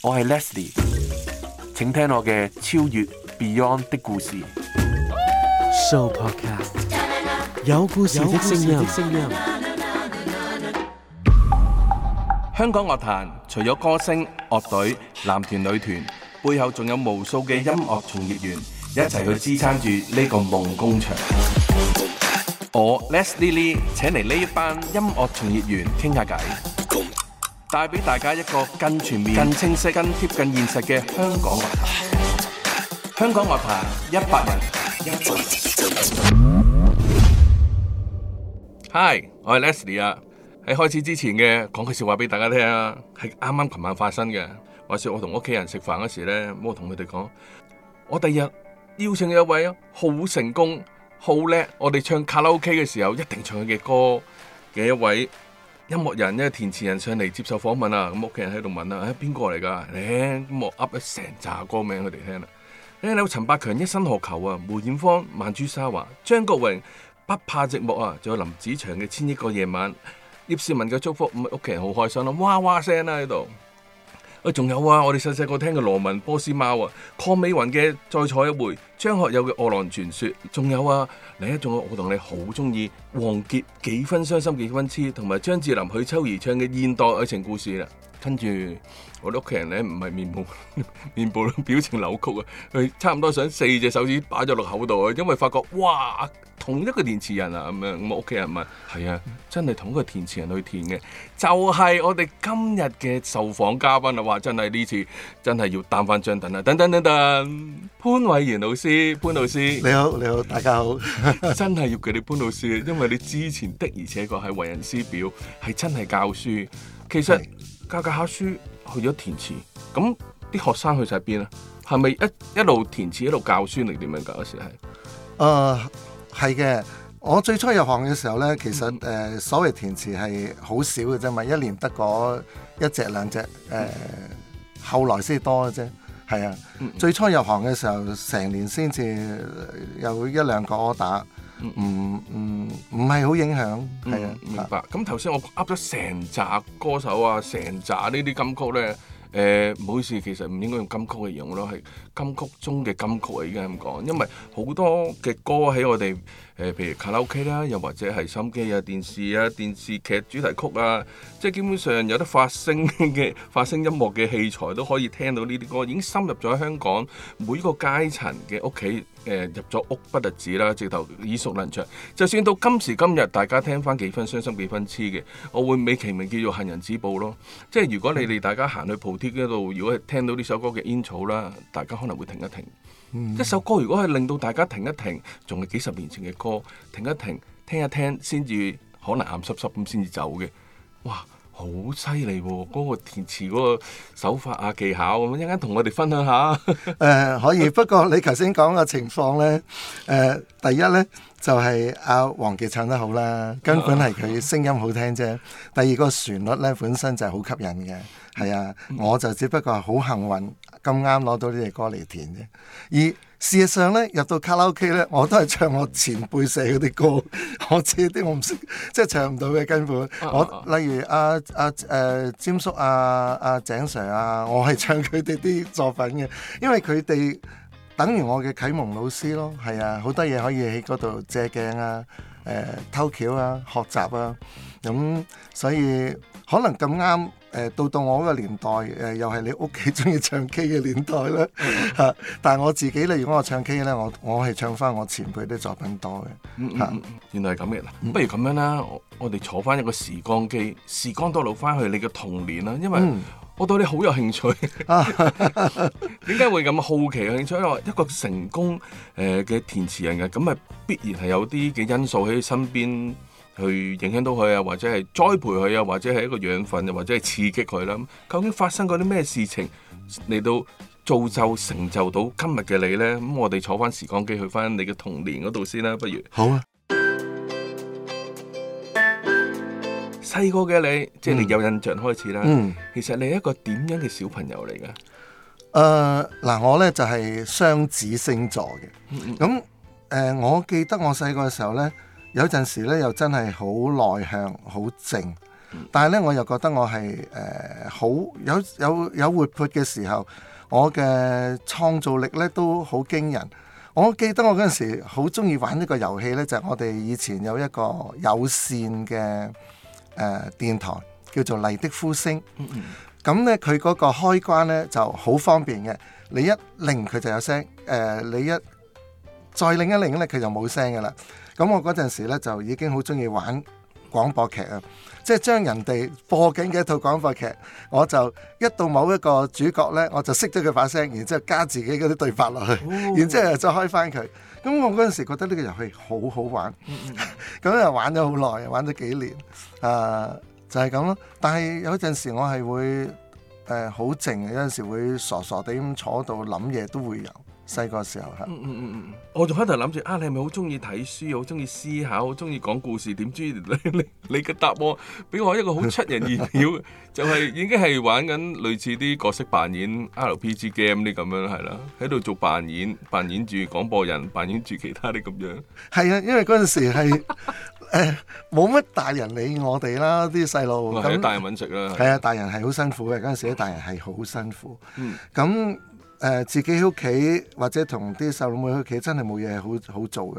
我係 Leslie，請聽我嘅超越 Beyond 的故事。Sooo podcast 有故事的聲音。香港樂壇除咗歌星、樂隊、男團、女團，背後仲有無數嘅音樂從業員一齊去支撐住呢個夢工場。 我 Leslie 請嚟呢一班音樂從業員傾下偈。帶俾大家一個更全面、更清晰、更貼近現實嘅香港樂壇。香港樂壇一百人。Hi，我係 Leslie 啊。喺開始之前嘅講句說話俾大家聽啊，係啱啱琴晚發生嘅。話說我同屋企人食飯嗰時咧，我同佢哋講，我第日邀請一位好成功、好叻，我哋唱卡拉 OK 嘅時候一定唱佢嘅歌嘅一位。音樂人，一個填詞人上嚟接受訪問啊，咁屋企人喺度問啊，誒邊個嚟㗎？誒咁、哎、我噏咗成紮歌名佢哋聽啦，誒、哎、有陳百強《一生何求》啊，梅艷芳《蔓珠莎華》，張國榮《不怕寂寞》啊，仲有林子祥嘅《千億個夜晚》，葉倩文嘅祝福，咁屋企人好開心咯、啊，哇哇聲啦喺度。啊，仲有啊！我哋細細個聽嘅羅文《波斯貓》啊，鄺美雲嘅《再坐一回》，張學友嘅《餓狼傳說》，仲有啊！另一種我同你好中意王傑《幾分傷心幾分痴》，同埋張智霖、許秋怡唱嘅《現代愛情故事》啦。跟住我哋屋企人咧，唔係面部 面部表情扭曲啊！佢差唔多想四隻手指擺咗落口度啊！因為發覺哇，同一個填詞人啊咁樣，我屋企人問：係啊，嗯、真係同一個填詞人去填嘅，就係、是、我哋今日嘅受訪嘉賓啊！哇，真係呢次真係要擔翻張凳啊！等等等等，潘偉源老師，潘老師，你好，你好，大家好， 真係要叫你潘老師，因為你之前的而且確係為人師表，係真係教書，其實。教教下書，去咗填詞，咁啲學生去晒邊啊？係咪一一路填詞一路教書定點樣教嘅事係？誒、呃，係嘅。我最初入行嘅時候咧，其實誒、嗯呃、所謂填詞係好少嘅啫，咪一年得嗰一隻兩隻誒。呃嗯、後來先多嘅啫，係啊。嗯嗯最初入行嘅時候，成年先至有一兩個 order。唔唔唔唔係好影響，係啊、嗯，明白。咁頭先我噏咗成扎歌手啊，成扎呢啲金曲咧，呃，唔好意思，其實唔應該用金曲嚟形容咯，係。金曲中嘅金曲啊，已經係咁講，因為好多嘅歌喺我哋，誒、呃、譬如卡拉 OK 啦，又或者係收音機啊、電視啊、電視劇主題曲啊，即係基本上有得發聲嘅發聲音樂嘅器材都可以聽到呢啲歌，已經深入咗香港每個階層嘅屋企，誒，入咗屋不特止啦，直頭耳熟能詳，就算到今時今日，大家聽翻幾分傷心幾分痴嘅，我會美其名叫做行人止步咯。即係如果你哋大家行去鋪貼嗰度，如果係聽到呢首歌嘅 intro 啦，大家。可能會停一停，一首歌如果係令到大家停一停，仲係幾十年前嘅歌，停一停，聽一聽，先至可能眼濕濕咁先至走嘅，哇！好犀利喎！嗰、啊那個填詞嗰個手法啊技巧咁，一陣間同我哋分享下。誒、 呃、可以，不過你頭先講嘅情況呢，誒、呃、第一呢，就係阿王傑唱得好啦，根本係佢聲音好聽啫。 第二、那個旋律呢，本身就係好吸引嘅，係啊，我就只不過好幸運咁啱攞到呢隻歌嚟填啫。二事實上呢，入到卡拉 OK 呢，我都係唱我前輩寫嗰啲歌， 我自己啲我唔識，即係唱唔到嘅根本。啊啊啊我例如阿阿詹叔、阿阿井 Sir 啊，我係唱佢哋啲作品嘅，因為佢哋等於我嘅啟蒙老師咯。係啊，好多嘢可以喺嗰度借鏡啊、誒、啊、偷橋啊、學習啊，咁所以可能咁啱。誒到到我嗰個年代，誒、呃、又係你屋企中意唱 K 嘅年代啦嚇、mm hmm. 啊。但係我自己呢，如果我唱 K 咧，我我係唱翻我前輩啲作品多嘅。Mm hmm. 啊、原來係咁嘅啦。Mm hmm. 不如咁樣啦，我哋坐翻一個時光機，時光倒流翻去你嘅童年啦。因為我對你好有興趣，點 解 會咁好奇有興趣？因為一個成功誒嘅、呃、填詞人嘅，咁咪必然係有啲嘅因素喺身邊。去影響到佢啊，或者係栽培佢啊，或者係一個養分，又或者係刺激佢啦。究竟發生過啲咩事情，嚟到造就成就到今日嘅你呢？咁、嗯、我哋坐翻時光機去翻你嘅童年嗰度先啦，不如好啊！細個嘅你，即係你有印象開始啦、嗯。嗯，其實你係一個點樣嘅小朋友嚟嘅？誒嗱、呃呃，我呢就係、是、雙子星座嘅。咁誒、嗯呃，我記得我細個嘅時候呢。有陣時咧，又真係好內向、好靜。但係咧，我又覺得我係誒、呃、好有有有活潑嘅時候，我嘅創造力咧都好驚人。我記得我嗰陣時好中意玩一個遊戲咧，就係、是、我哋以前有一個有線嘅誒、呃、電台，叫做《麗的呼聲》呢。咁咧，佢嗰個開關咧就好方便嘅。你一擰佢就有聲，誒、呃、你一再擰一擰咧，佢就冇聲㗎喇。咁我嗰陣時呢就已經好中意玩廣播劇啊，即係將人哋播緊嘅一套廣播劇，我就一到某一個主角呢，我就識咗佢把聲，然之後加自己嗰啲對白落去，哦、然之後再開翻佢。咁我嗰陣時覺得呢個遊戲好好玩，咁、嗯、 又玩咗好耐，玩咗幾年，啊、呃、就係、是、咁咯。但係有陣時我係會誒好靜，有陣時會傻傻地咁坐度諗嘢都會有。細個時候吓，嗯嗯嗯嗯，我仲喺度諗住啊，你係咪好中意睇書，好中意思考，好中意講故事？點知你你你嘅答案俾我一個好出人意料，就係已經係玩緊類似啲角色扮演 RPG game 啲咁樣係啦，喺度做扮演，扮演住廣播人，扮演住其他啲咁樣。係啊，因為嗰陣時係誒冇乜大人理我哋啦，啲細路咁，大人搵食啦，係啊，大人係好辛苦嘅，嗰陣時大人係好辛苦，咁。呃、自己喺屋企或者同啲細佬妹喺屋企真係冇嘢好好做嘅、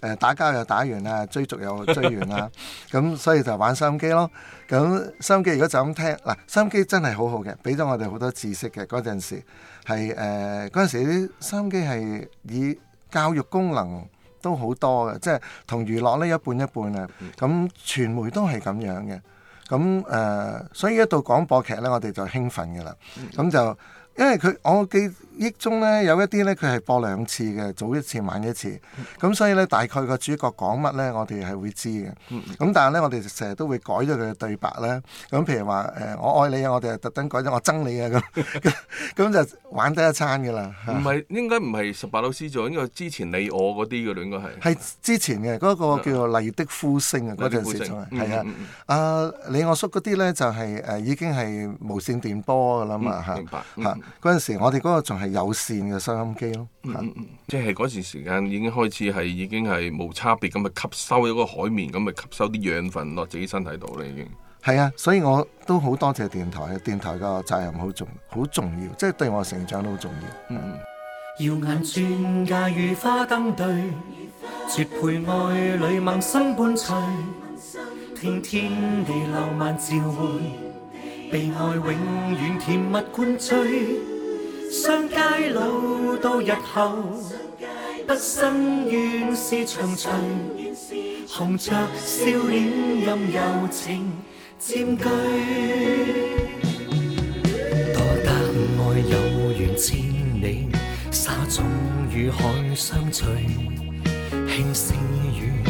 呃，打交又打完啦，追逐又追完啦，咁、 嗯、所以就玩收音機咯。咁收音機如果就咁聽，嗱，收音機真係好好嘅，俾咗我哋好多知識嘅。嗰陣時，係誒嗰陣時啲收音機係以教育功能都好多嘅，即係同娛樂呢一半一半啦。咁、嗯嗯嗯、傳媒都係咁樣嘅，咁、嗯、誒、呃、所以一到廣播劇呢，我哋就興奮嘅啦，咁就。嗯嗯因為佢我記憶中咧有一啲咧佢係播兩次嘅，早一次，晚一次，咁所以咧大概個主角講乜咧我哋係會知嘅。咁、嗯、但係咧我哋成日都會改咗佢嘅對白咧。咁譬如話誒、呃、我愛你啊，我哋係特登改咗我憎你啊咁。咁 就玩得一餐㗎啦。唔係，應該唔係十八老師做，因為之前你我嗰啲嘅咯，應該係係之前嘅嗰個叫做《麗的呼聲》啊，嗰陣時係、嗯、啊。嗯、啊李我叔嗰啲咧就係、是、誒、啊、已經係無線電波㗎啦嘛嚇。嗯、明白 嗰陣時，我哋嗰個仲係有線嘅收音機咯，即係嗰時時間已經開始係已經係冇差別，咁咪吸收咗個海綿咁，咪吸收啲養分落自己身體度咧已經。係啊，啊，所以我都好多謝電台嘅，電台個責任好重好重要，即係對我成長都好重要。耀眼如花萌生，伴隨聽天地浪漫被愛永遠甜蜜灌醉，相偕老到日後，日後不生怨是長聚，長紅着笑臉任柔情佔據。多得愛有緣千里，沙中與海相隨，輕聲語。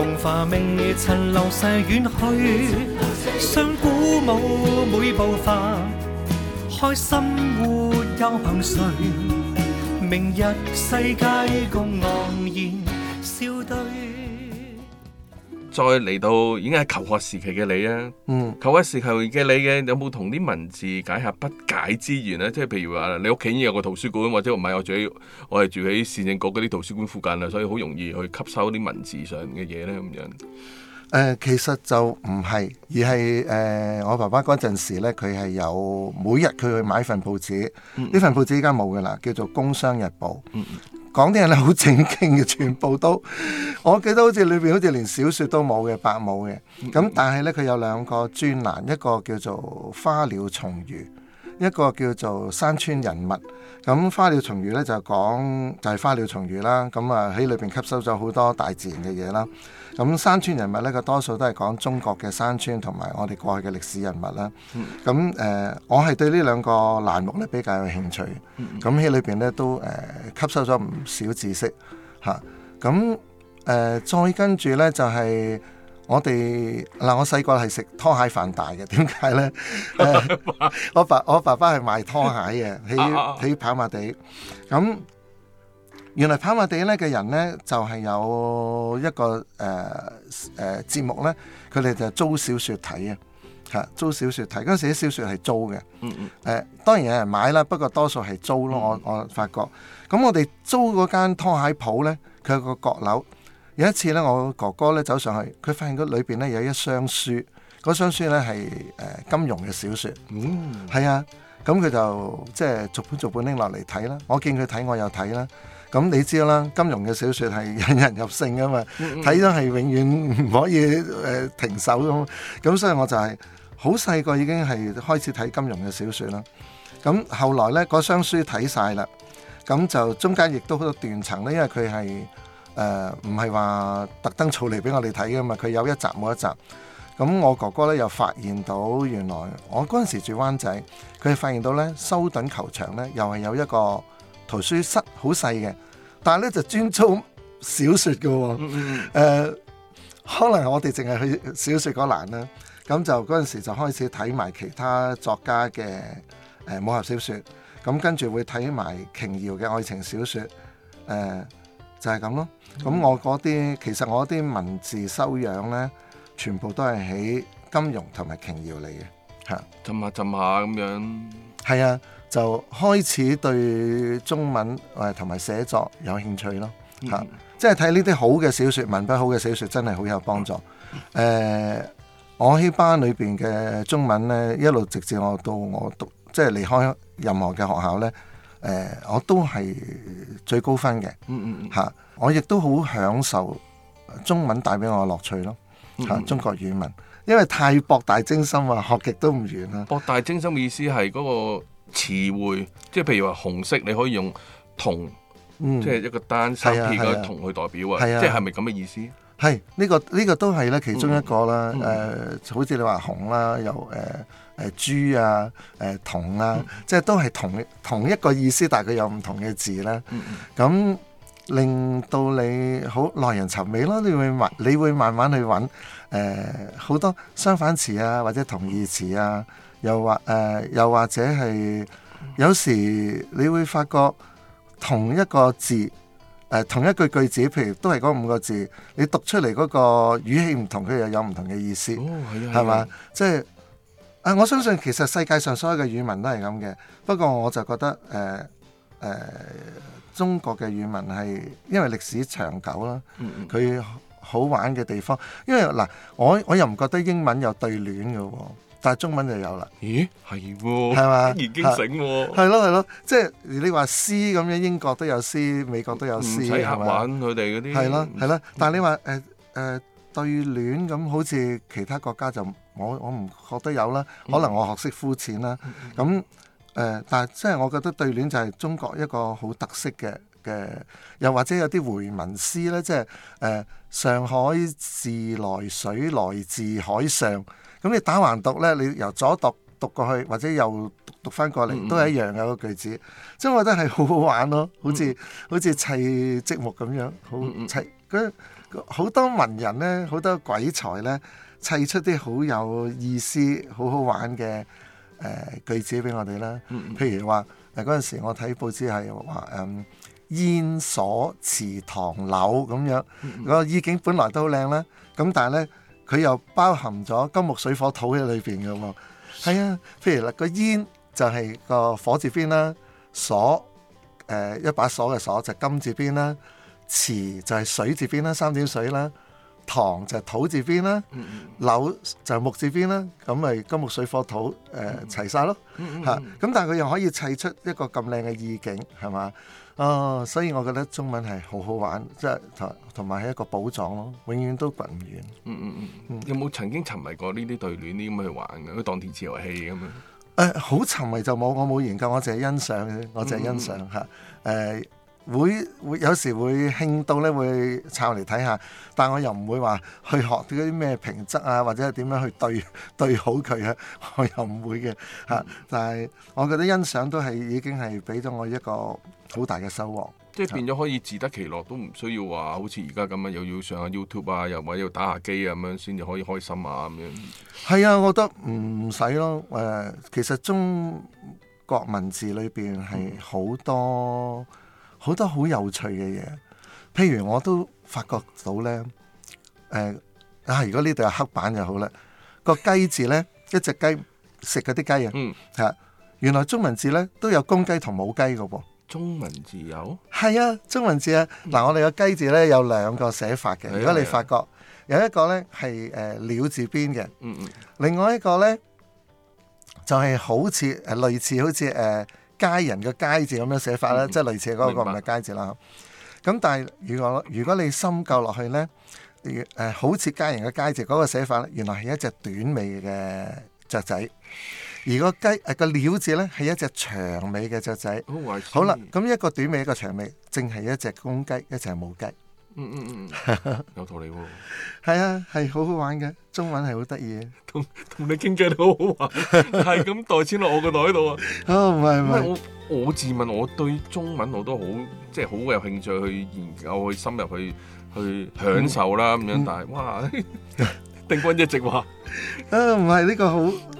風華未曾流逝遠去，相鼓舞每步伐，開心活又憑誰？明日世界共昂然笑對。再嚟到已經係求學時期嘅你啊，嗯、求學時期嘅你嘅有冇同啲文字解下不解之緣咧？即係譬如話，你屋企已經有個圖書館，或者唔係我住喺我係住喺市政局嗰啲圖書館附近啊，所以好容易去吸收啲文字上嘅嘢咧咁樣。誒、呃，其實就唔係，而係誒、呃、我爸爸嗰陣時咧，佢係有每日佢去買份報紙，呢、嗯、份報紙依家冇嘅啦，叫做《工商日報》嗯。嗯。講啲人咧好正經嘅，全部都， 我記得好似裏邊好似連小説都冇嘅，白母嘅。咁但係呢，佢有兩個專欄，一個叫做花鳥蟲魚，一個叫做山川人物。咁花鳥蟲魚呢，就講就係花鳥蟲魚啦，咁啊喺裏邊吸收咗好多大自然嘅嘢啦。咁山川人物咧，佢多數都係講中國嘅山川同埋我哋過去嘅歷史人物啦。咁誒、嗯嗯呃，我係對兩呢兩個欄目咧比較有興趣。咁喺裏邊咧都誒、呃、吸收咗唔少知識嚇。咁、啊、誒、嗯呃、再跟住咧就係、是、我哋嗱、呃，我細個係食拖鞋飯大嘅，點解咧？我爸我爸爸係賣拖鞋嘅，喺喺跑馬、馬地咁。嗯嗯嗯原來跑馬地咧嘅人咧，就係、是、有一個誒誒節目咧，佢哋就租小説睇啊，嚇租小説睇嗰陣啲小説係租嘅，嗯嗯、mm. 呃，當然有人買啦，不過多數係租咯。我我發覺咁，我哋租嗰間拖鞋鋪咧，佢有個閣樓，有一次咧，我哥哥咧走上去，佢發現嗰裏邊咧有一箱書，嗰箱書咧係誒金庸嘅小説，嗯，係啊，咁佢就即係逐本逐本拎落嚟睇啦。我見佢睇，我又睇啦。咁你知道啦，金庸嘅小説係引人入勝嘅嘛，睇咗係永遠唔可以誒、呃、停手咁，咁所以我就係好細個已經係開始睇金庸嘅小説啦。咁後來呢，嗰箱書睇晒啦，咁就中間亦都好多斷層呢，因為佢係誒唔係話特登儲嚟俾我哋睇嘅嘛，佢有一集冇一集。咁我哥哥呢，又發現到，原來我嗰陣時住灣仔，佢發現到呢，修頓球場呢，又係有一個。圖書室好細嘅，但係咧就專做小說嘅、哦，誒、 呃，可能我哋淨係去小說嗰欄啦，咁就嗰陣時就開始睇埋其他作家嘅誒、呃、武俠小說，咁、嗯、跟住會睇埋瓊瑤嘅愛情小說，誒、呃，就係、是、咁咯。咁、嗯嗯、我嗰啲其實我啲文字修養呢，全部都係喺金庸同埋瓊瑤嚟嘅，吓，浸下浸下咁樣，係啊。就開始對中文誒同埋寫作有興趣咯嚇，即係睇呢啲好嘅小説，文筆好嘅小説真係好有幫助。誒、嗯呃，我喺班裏邊嘅中文呢，一路直，直至我到我讀，即、就、係、是、離開任何嘅學校呢，誒、呃，我都係最高分嘅、嗯。嗯嗯嗯、啊。我亦都好享受中文帶俾我嘅樂趣咯嚇、嗯嗯啊，中國語文，因為太博大精深啊，學極都唔完啦、啊。博大精深嘅意思係嗰、那個。詞彙，即係譬如話紅色，你可以用銅，嗯、即係一個單三撇嘅銅去代表啊，即係係咪咁嘅意思？係呢、呢個呢、呢個都係咧，其中一個啦。誒、嗯呃，好似你話紅啦，又誒誒、呃、豬啊、誒銅啊，呃嗯、即係都係同同一個意思，但係佢有唔同嘅字啦。咁、嗯、令到你好耐人尋味咯，你會慢，你會慢慢去揾誒好多相反詞啊，或者同義詞啊。又或誒，又或者係，有時你會發覺同一個字，誒，同一句句子，譬如都係嗰五個字，你讀出嚟嗰個語氣唔同，佢又有唔同嘅意思，係嘛？Oh, yes, yes. 即係誒，我相信其實世界上所有嘅語文都係咁嘅，不過我就覺得誒誒，中國嘅語文係因為歷史長久啦，佢好玩嘅地方，因為嗱，我我又唔覺得英文有對聯嘅喎。但係中文就有啦？咦，係喎、哦，係嘛？ 已經醒喎，係咯係咯，即係你話詩咁樣，就是、C, 英國都有詩，美國都有詩，唔使玩佢哋嗰啲，係咯係咯。嗯、但係你話誒誒對聯咁，好似其他國家就我我唔覺得有啦。可能我學識膚淺啦。咁誒、嗯呃，但係即係我覺得對聯就係中國一個好特色嘅嘅，又或者有啲回文詩咧，即係誒、呃、上海自來水來自海上。咁你、嗯嗯、打橫讀咧，你由左讀讀過去，或者右讀讀翻過嚟，都係一樣嘅個句子。即係、嗯、我覺得係好好玩咯、哦，好似、嗯、好似砌積木咁樣，好砌。好、嗯嗯、多文人咧，好多鬼才咧，砌出啲好有意思、好好玩嘅誒、呃、句子俾我哋啦。譬如話，誒嗰陣時我睇報紙係話誒煙鎖池塘柳咁樣，嗰、嗯、個、嗯嗯嗯、意境本來都好靚啦。咁但係咧。佢又包含咗金木水火土喺裏邊嘅喎，係啊，譬如啦，個煙就係個火字邊啦，鎖誒、呃、一把鎖嘅鎖就金字邊啦，池就係水字邊啦，三點水啦，塘就係土字邊啦，柳就係木字邊啦，咁咪金木水火土誒、呃、齊晒咯嚇。咁、啊、但係佢又可以砌出一個咁靚嘅意境，係嘛？啊，oh, 所以我覺得中文係好好玩，即係同埋係一個寶藏咯，永遠都掘唔完。嗯嗯嗯，有冇曾經沉迷過呢啲對聯呢？咁去玩嘅？去當電視遊戲咁啊？誒、哎，好沉迷就冇，我冇研究，我淨係欣賞，我淨係欣賞嚇誒、嗯啊。會會有時會興到咧，會抄嚟睇下，但我又唔會話去學啲咩平仄啊，或者點樣去對對好佢啊？我又唔會嘅嚇，但、啊、係我覺得欣賞都係已經係俾咗我一個。好大嘅收穫，即係變咗可以自得其樂，是都唔需要話好似而家咁樣又要上下 YouTube 啊，又或者要打下機啊咁樣先至可以開心啊咁樣。係啊，我覺得唔使咯。誒、呃，其實中國文字裏邊係好多好、嗯、多好有趣嘅嘢，譬如我都發覺到咧，誒、呃、啊，如果呢度有黑板就好啦。個雞字咧，一隻雞食嗰啲雞啊，嗯係、啊、原來中文字咧都有公雞同母雞嘅噃、啊。中文字有，係啊，中文字啊，嗱，我哋個雞字咧有兩個寫法嘅。哎、呀如果你發覺有一個咧係誒鳥字邊嘅，嗯嗯，另外一個咧就係、是、好似誒、呃、類似好似誒佳人嘅佳字咁樣寫法啦，嗯嗯即係類似嗰個唔係佳字啦。咁白、嗯、但係如果如果你深究落去咧，誒、呃、好似佳人嘅佳字嗰個寫法呢，原來係一隻短尾嘅雀仔。而個雞誒、啊、個鳥字咧係一隻長尾嘅雀仔，哦、好偉了，啦，咁一個短尾一個長尾，淨係一隻公雞一隻母雞。嗯嗯嗯，嗯嗯有道理喎、哦，係啊係好好玩嘅，中文係好得意，同同你傾偈都好好玩，係咁代遷落我個袋度啊！啊唔係唔係，我我自問我對中文我都好即係好有興趣去研究去深入去去享受啦咁樣，嗯、但係哇，定軍一直話 啊唔係呢個好。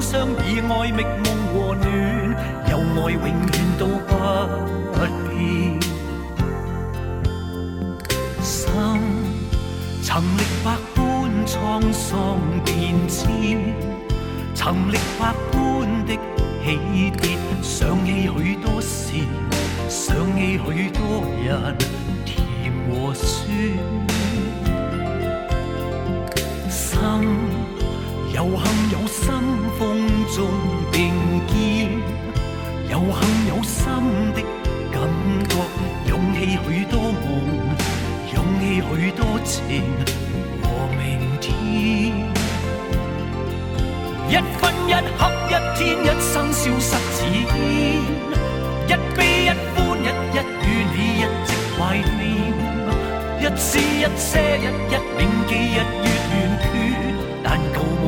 相依愛覓。有幸有心的感覺，湧起許多夢，湧起許多情和明天。 一分一刻一天一生消失似煙，一悲一歡，一一與你一直懷念，一絲一些一一銘記日月圓缺，但求。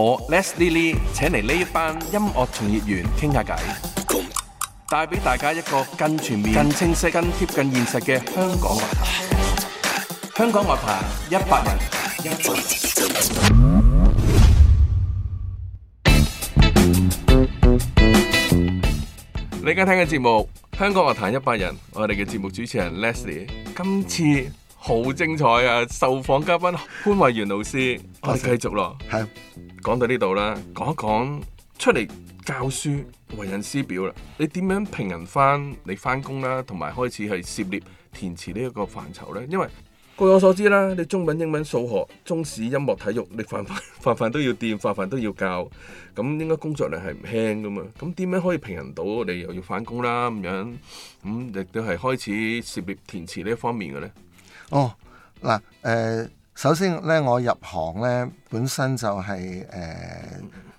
我 Leslie Lee 請嚟呢一班音樂從業員傾下偈，帶俾大家一個更全面、更清晰、更貼近現實嘅香港樂壇。香港樂壇一百人，你而家聽嘅節目《香港樂壇一百人》，我哋嘅節目主持人 Leslie，今次好精彩啊！受訪嘉賓潘偉源老師，我哋繼續咯，係。講到呢度啦，講一講出嚟教書為人師表啦。你點樣平衡翻？你翻工啦，同埋開始係涉獵填詞呢一個範疇呢。因為據我所知啦，你中文、英文、數學、中史、音樂、體育，你凡凡都要掂，凡凡都要教。咁應該工作量係唔輕噶嘛？咁點樣可以平衡到？我哋又要翻工啦，咁樣咁、嗯、亦都係開始涉獵填詞呢一方面嘅呢？哦、oh, uh, uh，嗱，誒。首先呢，我入行呢本身就係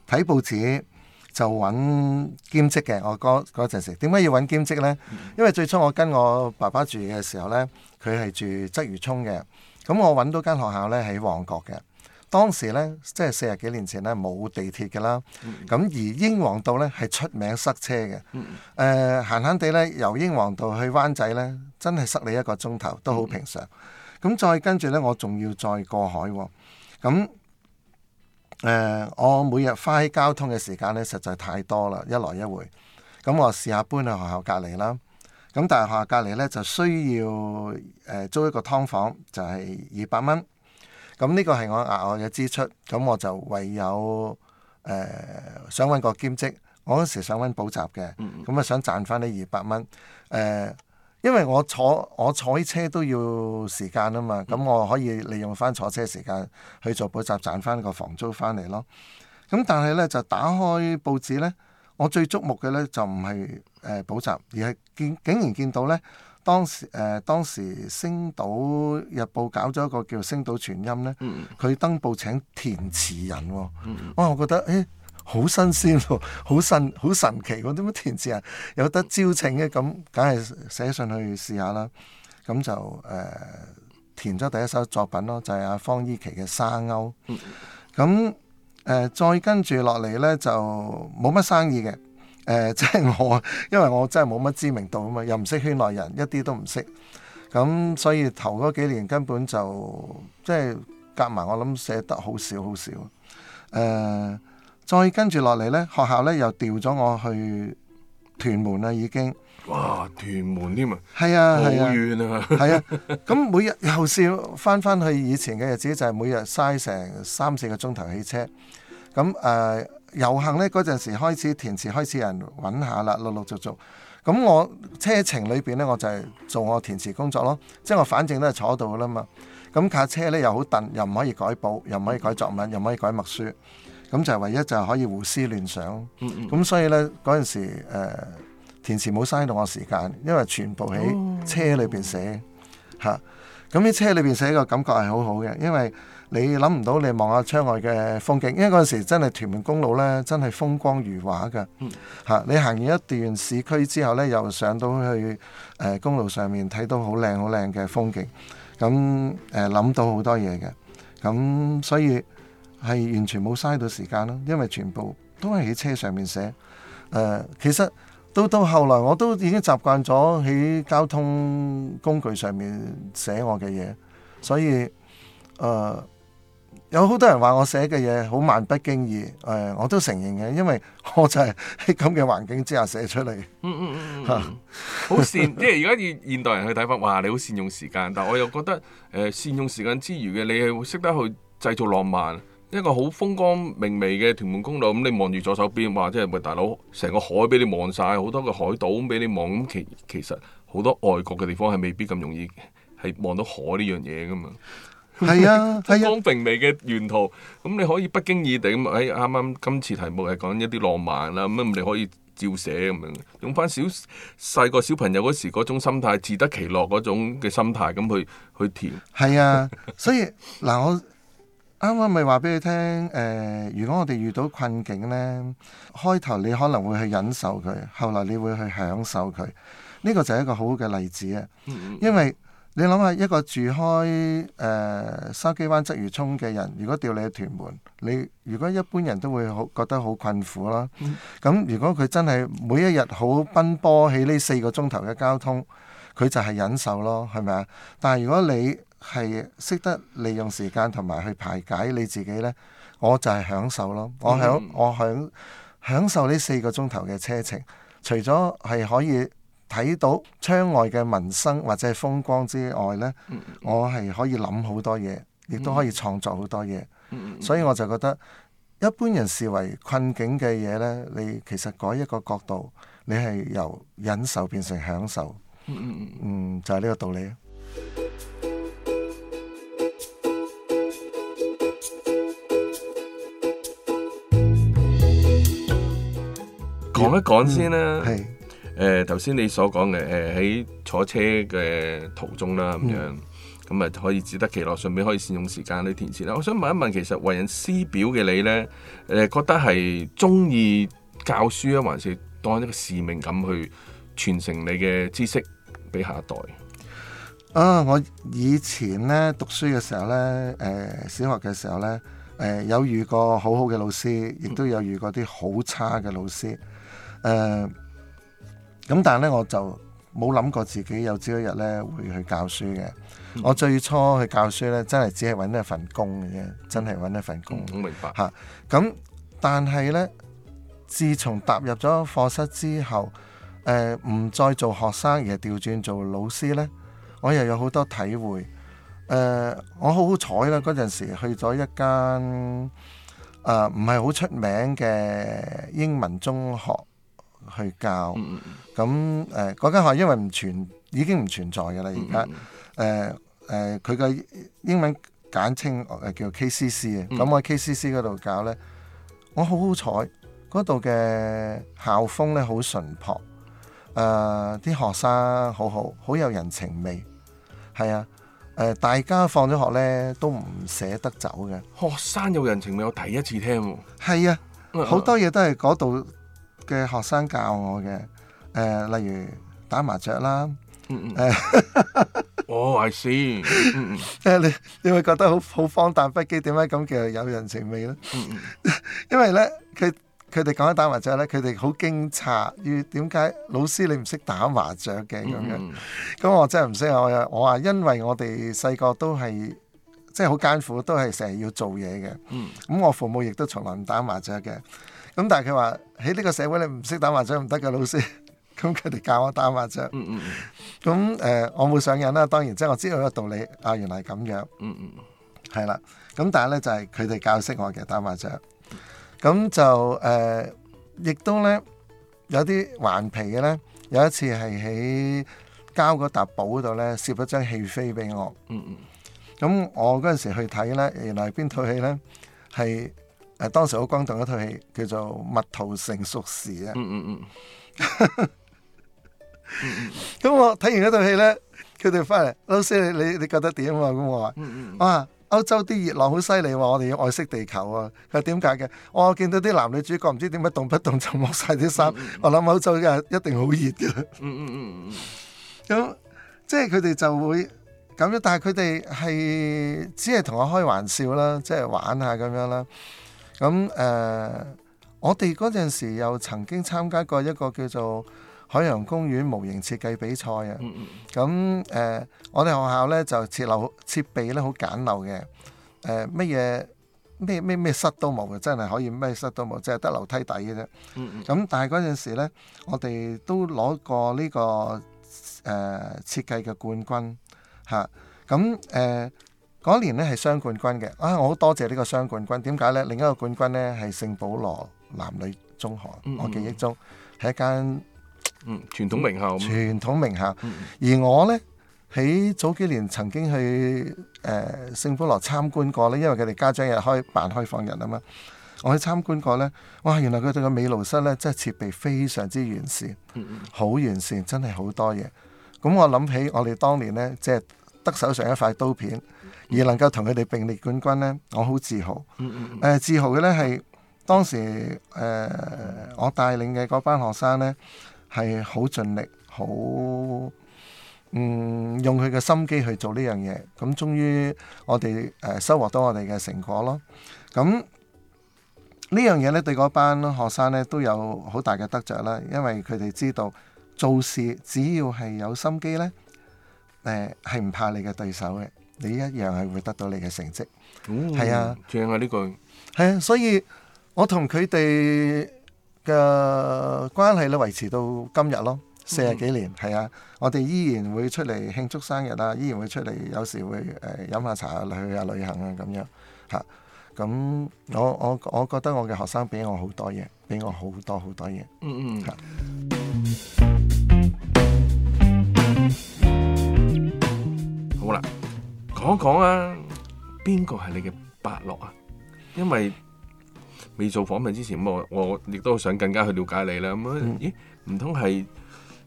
誒睇報紙就揾兼職嘅。我嗰嗰陣時點解要揾兼職呢？因為最初我跟我爸爸住嘅時候呢，佢係住鰂魚湧嘅。咁我揾到間學校呢，喺旺角嘅。當時呢，即係四十幾年前呢，冇地鐵嘅啦。咁而英皇道呢，係出名塞車嘅。誒、嗯，閒閒、呃、地呢，由英皇道去灣仔呢，真係塞你一個鐘頭都好平常。嗯。咁再跟住呢，我仲要再過海喎、哦。咁誒、呃，我每日花喺交通嘅時間呢，實在太多啦，一來一回。咁我試下搬去學校隔離啦。咁但係學校隔離呢，就需要誒、呃、租一個劏房，就係二百蚊。咁呢個係我額外嘅支出。咁我就唯有誒、呃、想揾個兼職。我嗰時想揾補習嘅。咁啊，想賺翻呢二百蚊。誒、呃。因為我坐我坐車都要時間啊嘛，咁我可以利用翻坐車時間去做補習賺翻個房租翻嚟咯。咁但係呢，就打開報紙呢，我最矚目嘅呢就唔係誒補習，而係見竟然見到呢。當時誒、呃、當時《星島日報》搞咗一個叫《星島全音》呢，佢登報請填詞人喎、哦。哇！我覺得誒。欸好新鮮咯、哦，好神好神奇嗰啲乜填詞人、啊、有得招請嘅。咁，梗係寫上去試下啦。咁就誒、呃、填咗第一首作品咯，就係、是、阿、啊、方依琪嘅《沙鷗》。咁誒、呃、再跟住落嚟呢，就冇乜生意嘅。誒即係我，因為我真係冇乜知名度啊嘛，又唔識圈內人，一啲都唔識。咁所以頭嗰幾年根本就即係夾埋，就是、我諗寫得好少好少。誒、呃。再跟住落嚟呢，學校呢又調咗我去屯門啦，已經。哇！屯門添啊，係啊，好遠啊，係啊。咁、 嗯、每日又是翻翻去以前嘅日子，就係、是、每日嘥成三四個鐘頭汽車。咁、嗯、誒、呃、遊行呢嗰陣時開始填詞，開始人揾下啦，陸陸續續。咁、嗯、我車程裏邊呢，我就係做我填詞工作咯。即係我反正都係坐喺度啦嘛。咁、嗯、架車呢又好燉，又唔可以改簿，又唔可以改作文，又唔可以改默書。咁就係唯一就係可以胡思亂想，咁所以呢嗰陣時誒填詞冇嘥到我時間，因為全部喺車裏邊寫嚇，咁喺車裏邊寫個感覺係好好嘅，因為你諗唔到你望下窗外嘅風景，因為嗰陣時真係屯門公路呢真係風光如畫嘅嚇，你行完一段市區之後呢，又上到去誒公路上面睇到好靚好靚嘅風景，咁誒諗到好多嘢嘅，咁所以。係完全冇嘥到時間咯，因為全部都係喺車上面寫。誒、呃，其實到到後來我都已經習慣咗喺交通工具上面寫我嘅嘢，所以誒、呃、有好多人話我寫嘅嘢好漫不經意。誒、呃，我都承認嘅，因為我就係喺咁嘅環境之下寫出嚟、嗯。嗯嗯嗯，好、啊、善 即係而家以現代人去睇法，哇！你好善用時間，但係我又覺得誒、呃、善用時間之餘嘅你係會識得去製造浪漫。一個好風光明媚嘅屯門公路，咁你望住左手邊，哇！即係喂，大佬，成個海俾你望晒，好多個海島咁俾你望。咁其其實好多外國嘅地方係未必咁容易，係望到海呢樣嘢噶嘛。係啊，係啊，風光明媚嘅沿途，咁你可以不經意地咁，誒，啱啱今次題目係講一啲浪漫啦，咁你可以照寫咁樣，用翻小細個小朋友嗰時嗰種心態，自得其樂嗰種嘅心態，咁去去填。係啊， 所以嗱我。啱啱咪話俾你聽，誒、呃，如果我哋遇到困境呢，開頭你可能會去忍受佢，後來你會去享受佢，呢、這個就係一個好好嘅例子啊！因為你諗下一個住開誒筲、呃、箕灣、鰂魚湧嘅人，如果調你去屯門，你如果一般人都會好覺得好困苦啦。咁、嗯、如果佢真係每一日好奔波喺呢四個鐘頭嘅交通，佢就係忍受咯，係咪啊？但係如果你係識得利用時間同埋去排解你自己呢，我就係享受咯。我享我享享受呢四個鐘頭嘅車程，除咗係可以睇到窗外嘅民生或者風光之外呢，嗯嗯、我係可以諗好多嘢，亦都可以創作好多嘢。嗯嗯、所以我就覺得一般人視為困境嘅嘢呢，你其實改一個角度，你係由忍受變成享受。嗯，就係、是、呢個道理。講一講先啦。係誒頭先你所講嘅誒喺坐車嘅途中啦，咁樣咁啊、嗯、可以自得其樂，順便可以善用時間呢填詞啦。我想問一問，其實為人師表嘅你呢，誒、呃、覺得係中意教書啊，還是當一個使命咁去傳承你嘅知識俾下一代？啊！我以前呢，讀書嘅時候呢，誒、呃、小學嘅時候呢，誒、呃、有遇過好好嘅老師，亦都有遇過啲好差嘅老師。嗯誒咁、呃，但係咧我就冇諗過自己有朝一日咧會去教書嘅。嗯、我最初去教書咧，真係只係揾一份工嘅啫，真係揾一份工。我、嗯、明白吓。咁、啊、但係呢，自從踏入咗課室之後，誒、呃、唔再做學生，而係調轉做老師呢，我又有好多體會。誒、呃，我好好彩啦！嗰陣時去咗一間誒唔係好出名嘅英文中學。去教咁誒，嗰間、嗯嗯嗯呃、學校因為唔存，已經唔存在嘅啦。而家誒誒，佢嘅、嗯嗯呃呃、英文簡稱誒、呃、叫 KCC 嘅、嗯。咁、嗯嗯、我喺 KCC 嗰度教呢，我好好彩，嗰度嘅校風呢，好淳樸，誒、呃、啲學生好好，好有人情味。係啊，誒、呃、大家放咗學呢都唔捨得走嘅。學生有人情味，我第一次聽。係啊，好多嘢都係嗰度。嘅學生教我嘅，誒、呃、例如打麻雀啦，誒、嗯，呃、哦，I see 哦，誒、嗯呃、你你會覺得好好荒誕，不羈，點解咁叫有人情味咧？嗯、因為咧佢佢哋講緊打麻雀咧，佢哋好驚詫於點解老師你唔識打麻雀嘅咁樣。咁、嗯、我真係唔識，我我話因為我哋細個都係即係好艱苦，都係成日要做嘢嘅。嗯，咁我父母亦都從來唔打麻雀嘅。咁但係佢話喺呢個社會你唔識打麻雀唔得嘅老師，咁佢哋教我打麻雀。嗯嗯咁誒、嗯呃，我冇上癮啦，當然即係我知道個道理。啊，原來係咁樣。嗯嗯。係啦、嗯，咁但係咧就係佢哋教識我嘅打麻雀。咁就誒，亦、嗯嗯、都咧有啲頑皮嘅咧，有一次係喺交個搭寶度咧，攝咗張戲飛俾我。嗯嗯。咁、嗯嗯、我嗰陣時去睇，咧原來係邊套戲咧係。誒、啊、當時好轟動一套戲，叫做《蜜桃成熟時》咧。咁、嗯嗯嗯、 我睇完嗰套戲呢，佢哋翻嚟，老師你你覺得點啊？咁我話，我話歐洲啲熱浪好犀利喎，我哋要愛惜地球啊。佢點解嘅？我見到啲男女主角唔知點解動不動就剝晒啲衫，嗯嗯嗯，我諗歐洲一定好熱嘅。咁、嗯嗯嗯嗯嗯、即係佢哋就會咁樣，但係佢哋係只係同我開玩笑啦，即係玩下咁樣啦。咁誒、嗯呃，我哋嗰陣時又曾經參加過一個叫做海洋公園模型設計比賽啊。咁、呃、誒，我哋學校呢就設漏設備咧好簡陋嘅，乜嘢咩咩咩室都冇嘅，真係可以咩室都冇，即係得樓梯底嘅啫。咁、啊、但係嗰陣時咧，我哋都攞過呢、這個誒設計嘅冠軍嚇。咁、啊、誒。嗯呃嗰年呢係雙冠軍嘅啊！我好多謝呢個雙冠軍。點解呢？另一個冠軍呢係聖保羅男女中學。嗯嗯我記憶中係一間嗯傳統名校。傳統名校。而我呢，喺早幾年曾經去誒、呃、聖保羅參觀過呢因為佢哋家長日開辦開放日啊嘛。我去參觀過呢。哇！原來佢哋嘅美勞室呢，真係設備非常之完善，好、嗯嗯嗯、完善，真係好多嘢。咁我諗起我哋當年呢，即係得手上一塊刀片。而能夠同佢哋並列冠軍呢，我好自豪。誒、嗯嗯嗯呃、自豪嘅呢係當時誒、呃、我帶領嘅嗰班學生呢，係好盡力，好嗯用佢嘅心機去做呢樣嘢。咁、嗯、終於我哋誒、呃、收穫到我哋嘅成果咯。咁、嗯、呢樣嘢呢，對嗰班學生呢都有好大嘅得着啦，因為佢哋知道做事只要係有心機呢，誒係唔怕你嘅對手嘅。你一樣係會得到你嘅成績，係啊，正啊呢句，係啊，所以我同佢哋嘅關係咧維持到今日咯，四十幾年，係啊，我哋依然會出嚟慶祝生日啊，依然會出嚟，有時會誒飲下茶啊，去下旅行啊咁樣嚇。咁我我我覺得我嘅學生畀我好多嘢，畀我好多好多嘢。嗯嗯嚇。好啦。講講啊，邊個係你嘅伯樂啊？因為未做訪問之前，咁我我亦都想更加去了解你啦。咁、嗯、咦，唔通係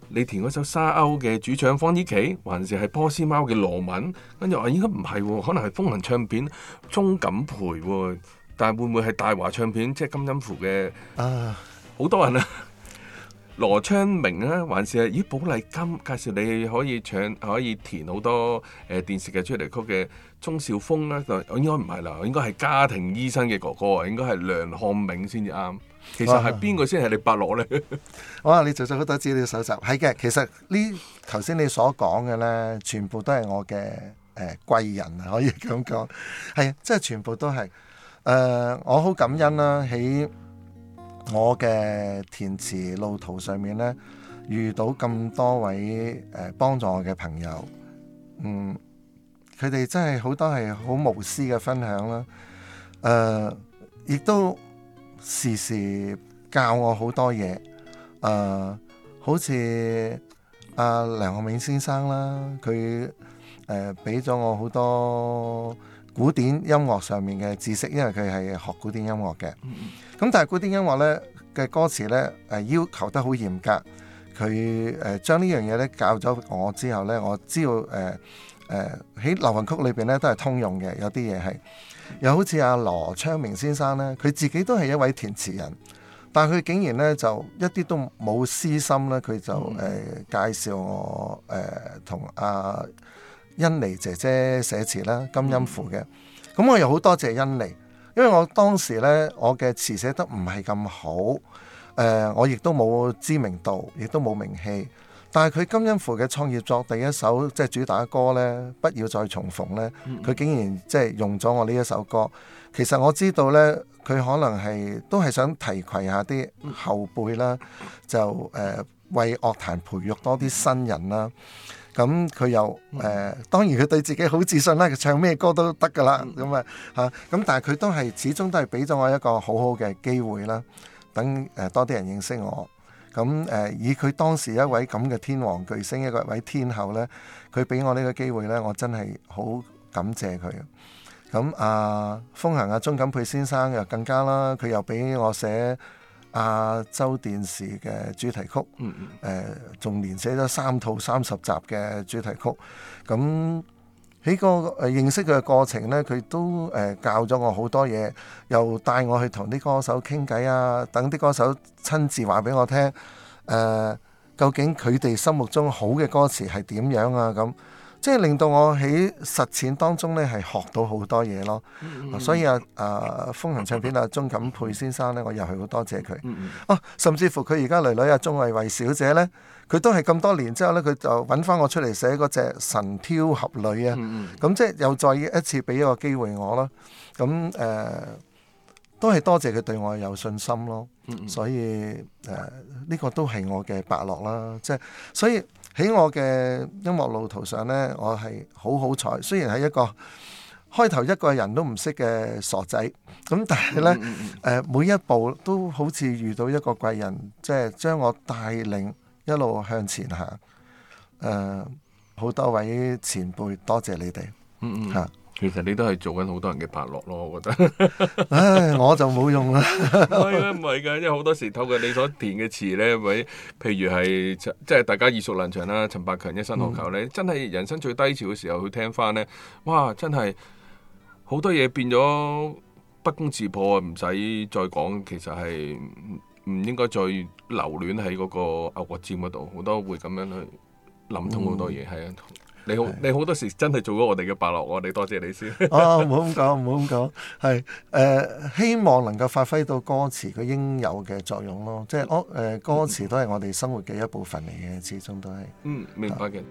你填嗰首沙鷗嘅主唱方依琪，還是係波斯貓嘅羅文？跟住我應該唔係喎，可能係風雲唱片鍾錦培喎、啊，但係會唔會係大華唱片即係金音符嘅啊？好多人啊！Uh, 羅昌明啊，還是係咦？寶麗金介紹你可以唱，可以填好多誒、呃、電視劇出嚟。曲嘅、啊。鐘少峰啦，就應該唔係啦，應該係家庭醫生嘅哥哥啊，應該係梁漢明先至啱。其實係邊個先係你伯樂咧？哇、啊啊！你做咗好多資料搜集，係嘅。其實呢頭先你所講嘅咧，全部都係我嘅誒、呃、貴人啊，可以咁講。係啊，即係全部都係誒、呃，我好感恩啦、啊，喺。我嘅填詞路途上面呢，遇到咁多位誒、呃、幫助我嘅朋友，嗯，佢哋真係好多係好無私嘅分享啦。誒、呃，亦都時時教我好多嘢。誒、呃，好似阿、啊、梁學銘先生啦，佢誒俾咗我好多古典音樂上面嘅知識，因為佢係學古典音樂嘅。咁但係古典音樂呢嘅歌詞呢，誒要求得好嚴格。佢誒將呢樣嘢呢教咗我之後呢，我知道誒誒喺流行曲裏邊呢都係通用嘅，有啲嘢係。又好似阿羅昌明先生呢，佢自己都係一位填詞人，但係佢竟然呢就一啲都冇私心呢，佢就誒、嗯呃、介紹我誒同阿。呃欣妮姐姐寫詞啦，金音符嘅，咁、嗯嗯、我又好多謝欣妮，因為我當時呢，我嘅詞寫得唔係咁好，誒、呃，我亦都冇知名度，亦都冇名氣，但係佢金音符嘅創業作第一首即係主打歌呢，「不要再重逢」呢，佢、嗯、竟然即係用咗我呢一首歌，其實我知道呢，佢可能係都係想提攜下啲後輩啦，嗯、就誒、呃、為樂壇培育、育多啲新人啦。咁佢又誒、呃，當然佢對自己好自信啦，佢唱咩歌都得噶啦，咁啊嚇，咁但係佢都係始終都係俾咗我一個好好嘅機會啦，等誒、呃、多啲人認識我。咁誒、呃、以佢當時一位咁嘅天王巨星，一個一位天后呢，佢俾我呢個機會呢，我真係好感謝佢。咁啊，風行阿、啊、鍾錦佩先生又更加啦，佢又俾我寫。亞洲電視嘅主題曲，誒仲、嗯嗯呃、連寫咗三套三十集嘅主題曲。咁、嗯、喺、那個誒、呃、認識佢嘅過程呢，佢都誒、呃、教咗我好多嘢，又帶我去同啲歌手傾偈啊，等啲歌手親自話俾我聽，誒、呃、究竟佢哋心目中好嘅歌詞係點樣啊咁。嗯即係令到我喺實踐當中咧係學到好多嘢咯，嗯嗯、所以啊啊風行唱片啊鍾錦佩先生咧，我又係好多謝佢。哦、嗯嗯啊，甚至乎佢而家女女啊鍾慧慧小姐咧，佢都係咁多年之後咧，佢就揾翻我出嚟寫嗰隻神鵰俠侶啊，咁、嗯嗯啊、即係又再一次俾一個機會我啦。咁、嗯、誒、呃、都係多謝佢對我有信心咯。所以誒呢、呃這個都係我嘅伯樂啦，即係所以。喺我嘅音樂路途上呢，我係好好彩。雖然係一個開頭一個人都唔識嘅傻仔，咁但係呢，誒、mm hmm. 每一步都好似遇到一個貴人，即係將我帶領一路向前行。誒、呃，好多位前輩，多謝你哋。嗯嗯嚇。Hmm. 啊其實你都係做緊好多人嘅伯樂咯，我覺得。唉， 我就冇用啦。 唔係嘅，因為好多時透過你所填嘅詞咧，咪譬如係即係大家耳熟能詳啦。陳百強一生何求咧，嗯、真係人生最低潮嘅時候去聽翻咧，哇！真係好多嘢變咗不攻自破唔使再講，其實係唔應該再留戀喺嗰個牛角尖嗰度。好多會咁樣去諗通好多嘢，係啊。你好，你好多時真係做咗我哋嘅伯樂，我哋多謝你先。哦，唔好咁講，唔好咁講，係誒、呃，希望能夠發揮到歌詞佢應有嘅作用咯，即係我誒歌詞都係我哋生活嘅一部分嚟嘅，始終都係。嗯，明白嘅。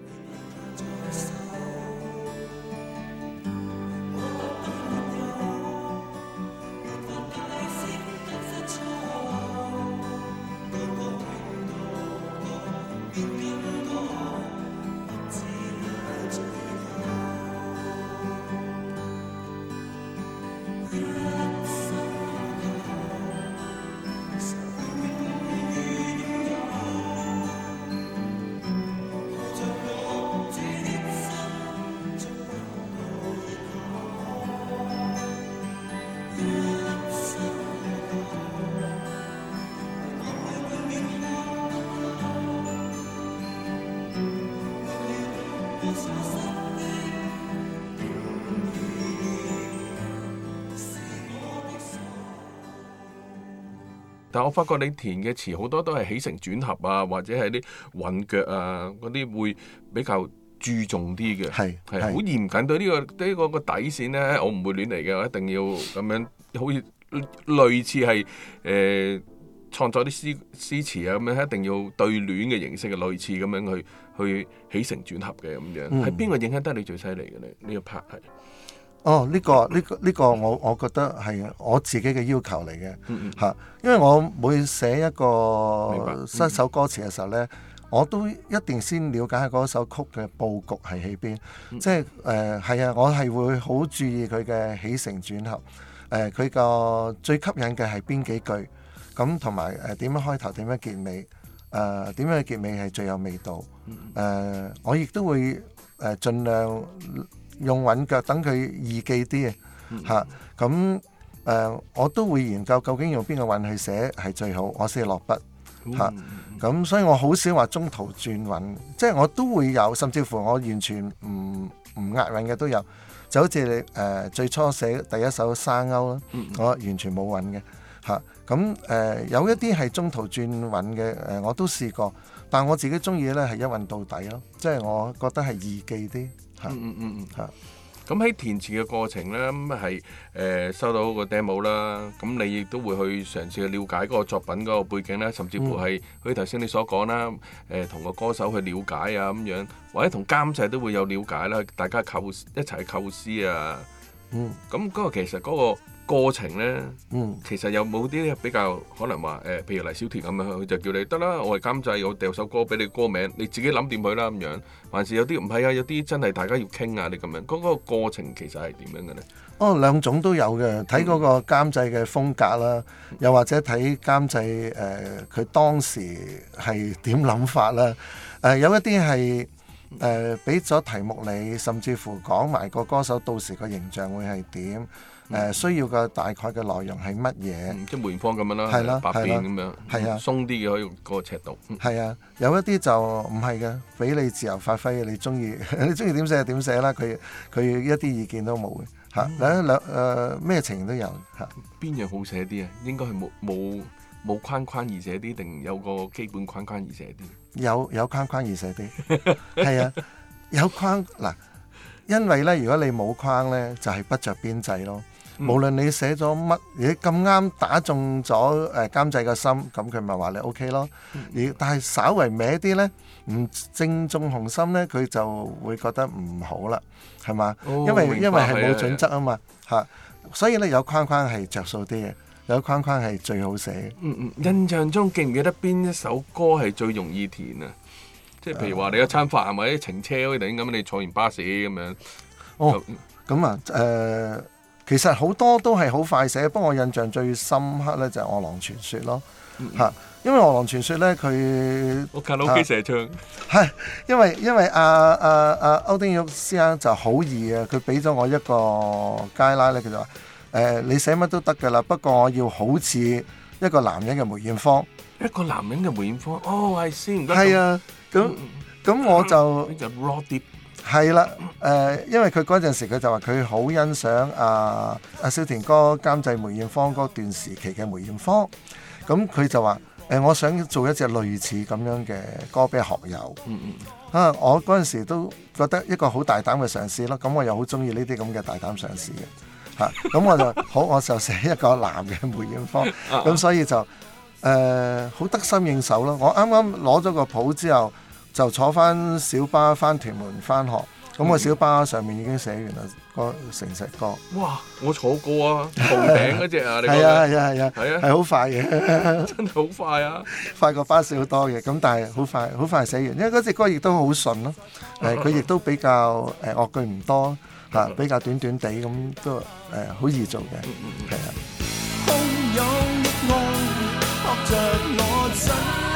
我發覺你填嘅詞好多都係起承轉合啊，或者係啲韻腳啊嗰啲會比較注重啲嘅。係，係好嚴謹，對呢、呢個呢、呢個、呢個底線咧，我唔會亂嚟嘅，我一定要咁樣好似類似係誒、呃、創作啲詩詩詞啊咁樣，一定要對聯嘅形式嘅類似咁樣去去起承轉合嘅咁樣，係邊個影響得你最犀利嘅咧？呢個拍係。哦，呢個呢個呢個，我我覺得係我自己嘅要求嚟嘅嚇，因為我每寫一個新首歌詞嘅時候呢，我都一定先了解下嗰首曲嘅佈局係喺邊，即係誒係啊，我係會好注意佢嘅起承轉合，佢個最吸引嘅係邊幾句，咁同埋誒點樣開頭，點樣結尾，誒點樣結尾係最有味道，我亦都會誒盡量。用韻腳等佢易記啲嘅嚇，咁誒、嗯啊呃、我都會研究究竟用邊個韻去寫係最好。我先係落筆嚇，咁、嗯啊嗯、所以我好少話中途轉韻，即係我都會有，甚至乎我完全唔唔押韻嘅都有。就好似你誒、呃、最初寫第一首沙鷗啦，嗯、我完全冇韻嘅嚇。咁、啊、誒、嗯呃、有一啲係中途轉韻嘅誒，我都試過，但我自己中意咧係一韻到底咯，即係我覺得係易記啲。嗯嗯嗯嗯，係、嗯。咁、嗯、喺 填詞嘅過程咧，咁係誒收到個 demo 啦。咁你亦都會去嘗試去了解嗰個作品嗰個背景啦，甚至乎係，好似頭先你所講啦，誒同個歌手去了解啊咁樣，或者同監製都會有了解啦。大家構一齊構思啊。嗯。咁嗰個其實嗰個。過程呢，嗯，其實有冇啲比較可能話誒，譬如黎小田咁樣，佢就叫你得啦，我係監製，我掉首歌俾你，歌名你自己諗掂佢啦咁樣。還是有啲唔係啊？有啲真係大家要傾啊，你咁樣嗰個過程其實係點樣嘅呢？哦，兩種都有嘅，睇嗰個監製嘅風格啦，又或者睇監製誒佢當時係點諗法啦。誒有一啲係誒俾咗題目你，甚至乎講埋個歌手到時個形象會係點。誒、呃、需要嘅大概嘅內容係乜嘢？即係梅艷芳咁樣啦，白邊咁樣，鬆啲嘅可以、這個尺度。係啊，有一啲就唔係嘅，俾你自由發揮嘅，你中意 你中意點寫就點寫啦。佢佢一啲意見都冇嘅嚇。兩兩誒咩情形都有嚇。邊樣好寫啲啊？應該係冇冇冇框框而寫啲，定有個基本框框而寫啲？有有框框而寫啲，係啊， 有框嗱。因為咧，如果你冇框咧，就係、是、不着邊際咯。無論你寫咗乜嘢，咁啱打中咗誒監製嘅心，咁佢咪話你 OK 咯？而但係稍微歪啲咧，唔正中紅心咧，佢就會覺得唔好啦，係嘛？因為因為係冇準則啊嘛嚇，所以咧，有框框係着數啲嘅，有框框係最好寫。嗯嗯，印象中記唔記得邊一首歌係最容易填啊？即係譬如話你一餐飯或者停車嗰啲咁，你坐完巴士咁樣。哦，咁啊，誒。其實好多都係好快寫，不過我印象最深刻咧就係《餓狼傳說》咯，吓，因為《餓狼傳說》咧佢，OK，老 K 成日唱，係，因為因為阿阿阿歐丁玉先生就好易啊，佢俾咗我一個街拉咧，佢就話：誒，你寫乜都得噶啦，不過我要好似一個男人嘅梅艷芳，一個男人嘅梅艷芳，哦，係先，係啊，咁咁我就。係啦，誒、呃，因為佢嗰陣時佢就話佢好欣賞阿阿小田哥監製梅艷芳嗰段時期嘅梅艷芳，咁佢就話誒、呃，我想做一隻類似咁樣嘅歌俾學友。嗯嗯，啊，我嗰陣時都覺得一個好大膽嘅嘗試咯，咁我又好中意呢啲咁嘅大膽嘗試嘅嚇，咁、啊、我就 好，我就寫一個男嘅梅艷芳，咁所以就誒好、呃、得心應手咯。我啱啱攞咗個譜之後。就坐翻小巴翻屯門翻學，咁、嗯、個小巴上面已經寫完啦成隻歌。哇！我坐過啊，頭頂嗰隻啊，你係啊係啊係啊，係啊係好快嘅， 真係好快啊， 快過巴士好多嘅。咁但係好快，好快寫完，因為嗰隻歌亦都好順咯、啊。誒、 呃，佢亦都比較誒樂句唔多嚇、啊，比較短短地咁都誒好、呃、易做嘅。嗯嗯，着 我樂。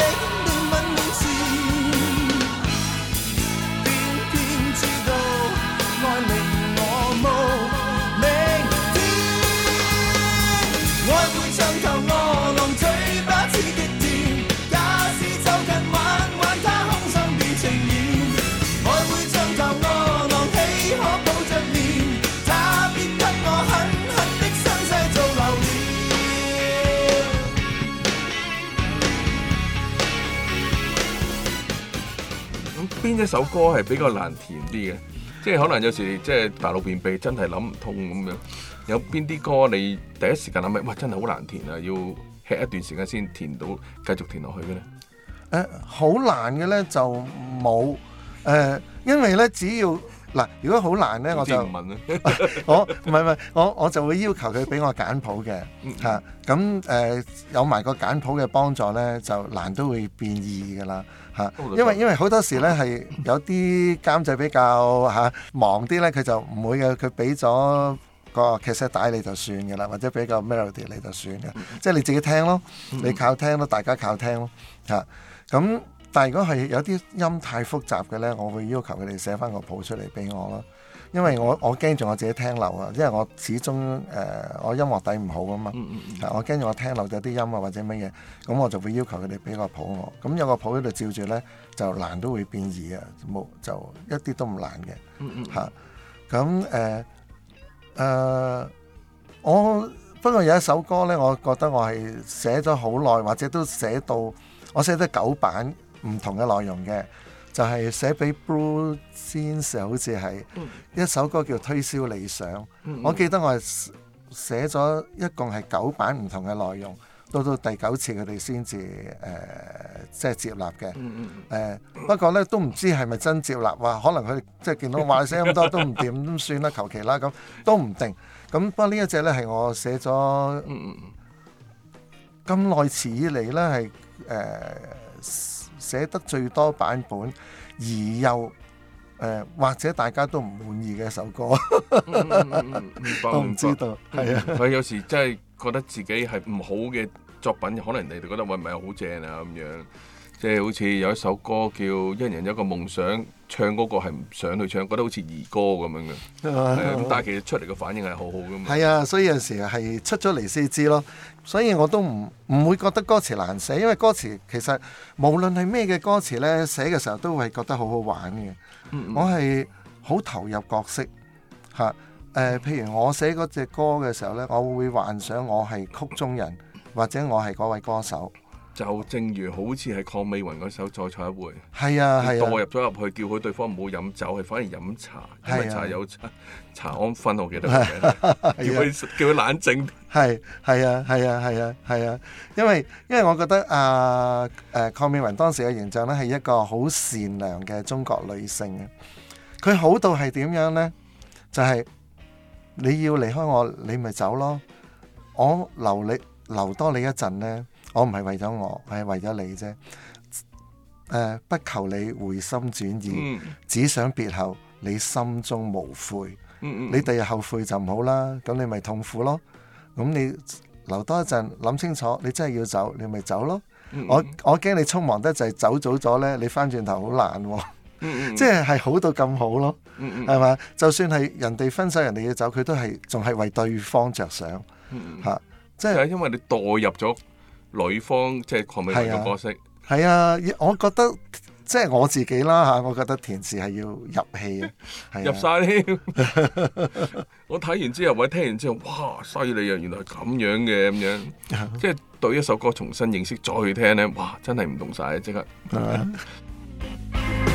邊一首歌係比較難填啲嘅？即係可能有時即係大腦便秘真係諗唔通咁樣。有邊啲歌你第一時間諗起，哇！真係好難填啊，要吃一段時間先填到，繼續填落去嘅咧。誒、呃，好難嘅咧就冇誒、呃，因為咧只要。嗱，如果好難咧，我就我唔係唔係，我我就會要求佢俾我簡譜嘅，嚇咁誒有埋個簡譜嘅幫助咧，就難都會變易㗎啦，嚇、啊！因為因為好多時咧係有啲監製比較嚇、啊、忙啲咧，佢就唔會嘅，佢俾咗個卡式帶你就算㗎啦，或者俾個 melody 你就算嘅，即係你自己聽咯，你靠聽咯，嗯嗯大家靠聽咯，嚇、啊、咁。但係如果係有啲音太複雜嘅呢，我會要求佢哋寫翻個譜出嚟俾我咯，因為我我驚住我自己聽漏啊，因為我始終誒、呃、我音樂底唔好啊嘛，嗯嗯嗯我驚住我聽漏咗啲音啊或者乜嘢，咁我就會要求佢哋俾個譜我，咁有個譜喺度照住呢，就難都會變異、嗯嗯、啊，冇就一啲都唔難嘅，嚇，咁誒誒，我不過有一首歌呢，我覺得我係寫咗好耐，或者都寫到我寫咗九版。唔同嘅內容嘅，就係、是、寫俾 Blue Jeans 好似係、嗯、一首歌叫《推銷理想》。嗯嗯、我記得我係寫咗一共係九版唔同嘅內容，到到第九次佢哋先至誒即係接納嘅。誒、嗯嗯呃、不過咧都唔知係咪真接納、啊，話可能佢即係見到話寫咁多都唔掂 算啦，求其啦咁都唔定。咁不過呢一隻咧係我寫咗咁耐詞以嚟咧係誒。寫得最多版本，而又誒、呃、或者大家都唔滿意嘅一首歌， 都唔知道係啊！佢、 嗯、有時真係覺得自己係唔好嘅作品，可能你哋覺得喂，唔係好正啊咁樣。即係好似有一首歌叫一人有一個夢想，唱嗰個係唔想去唱，覺得好似兒歌咁樣嘅、啊。但係其實出嚟嘅反應係好好嘅。係啊，所以有時係出咗嚟先知咯。所以我都唔唔會覺得歌詞難寫，因為歌詞其實無論係咩嘅歌詞呢，寫嘅時候都會覺得好好玩嘅。嗯嗯我係好投入角色嚇、啊呃。譬如我寫嗰隻歌嘅時候呢，我會幻想我係曲中人，或者我係嗰位歌手。就正如好似係鄺美雲嗰首再坐一會，係啊，墮入咗入去，叫佢對方唔好飲酒，係反而飲茶，因為茶有茶、啊、茶安分，我記得叫佢叫佢冷靜。係係啊係啊係啊係啊，啊，因為因為我覺得阿誒鄺美雲當時嘅形象咧係一個好善良嘅中國女性嘅，佢好到係點樣咧？就係、是、你要離開我，你咪走咯，我留你留多你一陣咧。我唔係為咗我，係為咗你啫。誒，不求你回心轉意，只想別後你心中無悔。嗯嗯，你第日後悔就唔好啦。咁你咪痛苦咯。咁你留多一陣，諗清楚，你真係要走，你咪走咯。我我驚你匆忙得滯，走早咗呢，你翻轉頭好難。嗯即係係好到咁好咯。嗯嗯，係嘛？就算係人哋分手，人哋要走，佢都係仲係為對方着想。吓，即係因為你代入咗。女方即係鄺美雲嘅角色，係啊，啊，我覺得即係我自己啦吓，我覺得填詞係要入戲啊， 入晒光添了。 我睇完之後，或者聽完之後，哇，犀利啊！原來咁樣嘅咁樣， 即係對一首歌重新認識再去聽咧，哇，真係唔同晒，即刻。 吧